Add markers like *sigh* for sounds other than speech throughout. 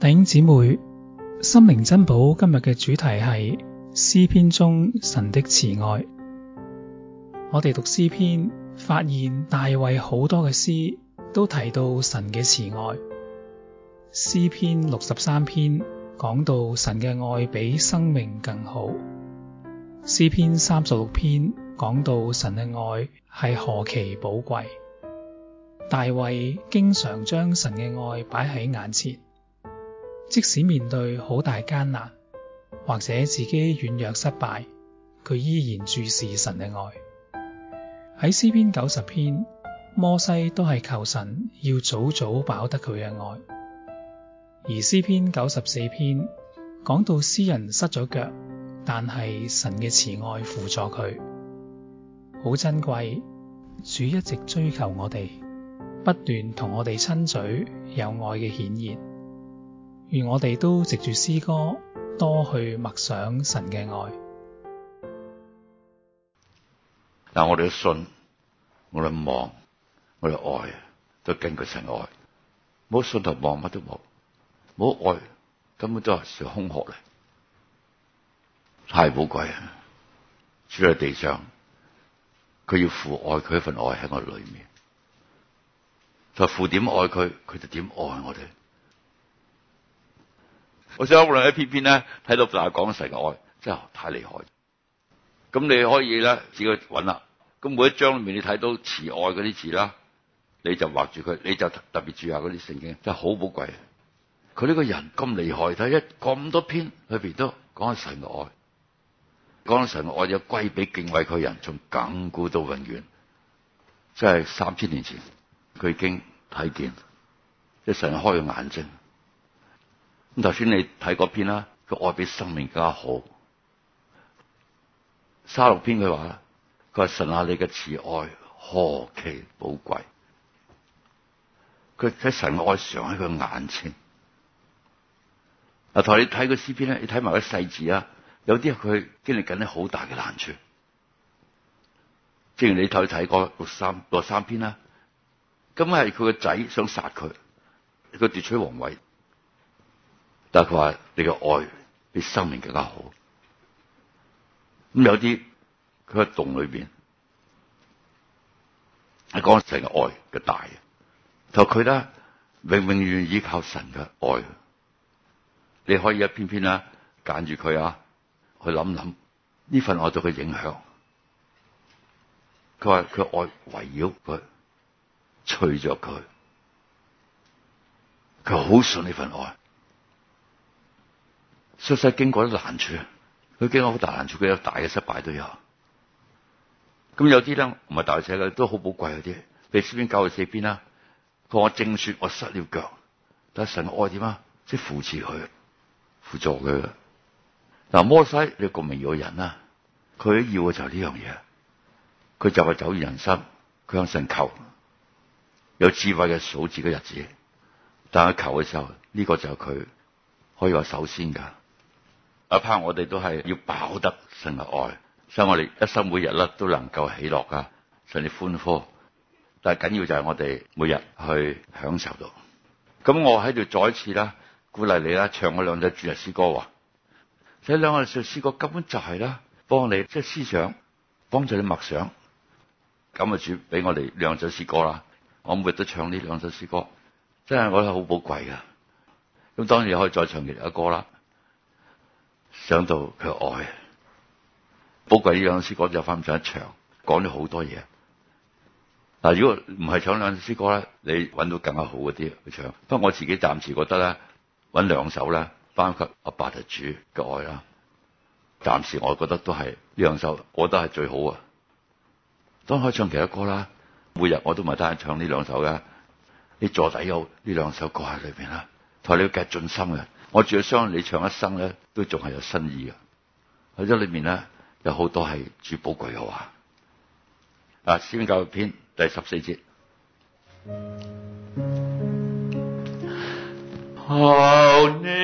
弟兄姊妹，心靈珍寶今日嘅主題係詩篇中神的慈愛。我哋讀詩篇，發現大衛好多嘅詩都提到神嘅慈愛。詩篇六十三篇講到神嘅愛比生命更好。詩篇三十六篇講到神嘅愛係何其寶貴。大衛經常將神嘅愛擺喺眼前。即使面對好大艱難，或者自己軟弱失敗，佢依然注視神嘅愛。喺詩篇九十篇，摩西都係求神要早早飽得佢嘅愛。而詩篇九十四篇講到詩人失咗腳，但係神嘅慈愛扶助佢，好珍貴。主一直追求我哋，不斷同我哋親嘴，有愛嘅顯現。而我哋都藉住詩歌多去默想神嘅愛。 *noise* 但我哋都信，我哋望，我哋愛，都根據神愛。冇信就望乜都冇，冇好愛，根本都係成空殼嚟。太寶貴啊！住喺地上，佢要父愛佢一份愛喺我裏面。就父點愛佢，佢就點愛我哋。我想無論一篇一篇咧睇到，但係講神嘅愛真係太厲害。咁你可以咧自己搵啦。咁每一章裏面你睇到慈愛嗰啲字啦，你就畫住佢，你就特別注下嗰啲聖經，真係好寶貴。佢呢個人咁厲害，睇一咁多篇裏邊都講神嘅愛，講神嘅愛就歸俾敬畏佢人，從亘古到永遠，即係三千年前佢已經睇見，即係神開咗眼睛。咁頭先你睇嗰篇啦，佢愛比生命更加好。卅六篇佢話啦，佢話，神啊，你嘅慈愛何其寶貴。佢喺神嘅愛常喺佢眼前。啊，同你睇個詩篇咧，你睇埋啲細節啊，有啲佢經歷緊啲好大嘅難處。正如你頭先睇過六三、六三篇啦，咁係佢個仔想殺佢，佢奪取皇位。但佢話：你嘅愛比生命更加好。咁有啲佢喺洞裏邊，係講神嘅愛嘅大。就佢咧永永遠依靠神嘅愛。你可以一篇篇啊揀住佢啊，去諗諗呢份愛對佢影響。佢話佢愛圍繞佢，隨着佢，佢好信呢份愛。出世經過啲難處，佢經過好大難處，佢有大嘅失敗都有。咁有啲咧唔係大細咧，都好寶貴嗰啲。你書邊教佢四邊啦？佢話我正說，我失了腳，但係神嘅愛點啊？即係扶持佢，輔助佢。嗱摩西，你個明約人啦，佢要嘅就係呢樣嘢，佢就係走於人生，佢向神求，有智慧嘅數字嘅日子。但係佢求嘅時候，呢、這個就係佢可以話首先噶。哪怕我哋都係要飽得神嘅愛，所以我哋一生每日咧都能夠喜樂噶，甚至歡呼。但係緊要就係我哋每日去享受到。咁我喺度再一次啦，鼓勵你啦，唱我兩首主日詩歌。睇兩首詩歌根本就係啦，幫你即係思想，幫助你默想。咁啊主俾我哋兩首詩歌啦，我每日都唱呢兩首詩歌，真係我覺得好寶貴噶。咁當然可以再唱其他歌啦。想到佢嘅愛，包括呢兩首歌就翻唔上一場，講咗好多嘢。嗱，如果唔係唱兩首歌咧，你揾到更加好啲去唱。不過我自己暫時覺得咧，揾兩首咧，包括阿爸嘅主嘅愛啦，暫時我覺得都係呢兩首，我覺得係最好啊。當可唱其他歌啦，每日我都唔係單唱呢兩首嘅，你座底有呢兩首歌喺裏邊啦。同你繼續進心嘅。我著相你唱一生咧，都仲係有新意嘅。喺咗裏面咧，有好多係主寶貴嘅話。啊，詩九十篇第十四節。Oh, no.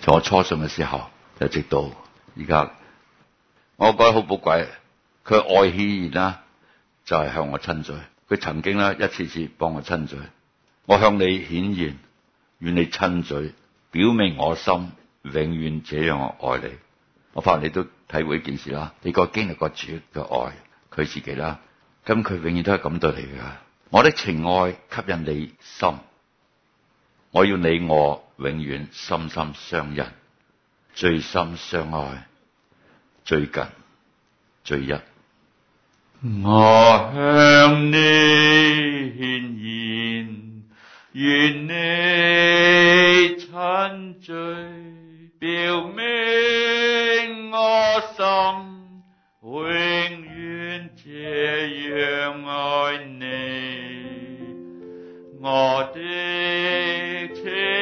從我初信嘅時候，一直到而家，我覺得好寶貴。佢愛顯現啦，就係向我親嘴。佢曾經啦，一次次幫我親嘴。我向你顯現，與你親嘴，表明我心永遠這樣我愛你。我發願你都體會呢件事啦。你個經歷過主嘅愛，佢自己啦，咁佢永遠都係咁對你噶。我的情愛吸引你心，我要你我。永遠心心相印，最深相愛，最近最一。我向你顯現，與你親嘴，表明我心，永遠這樣愛你。我的情。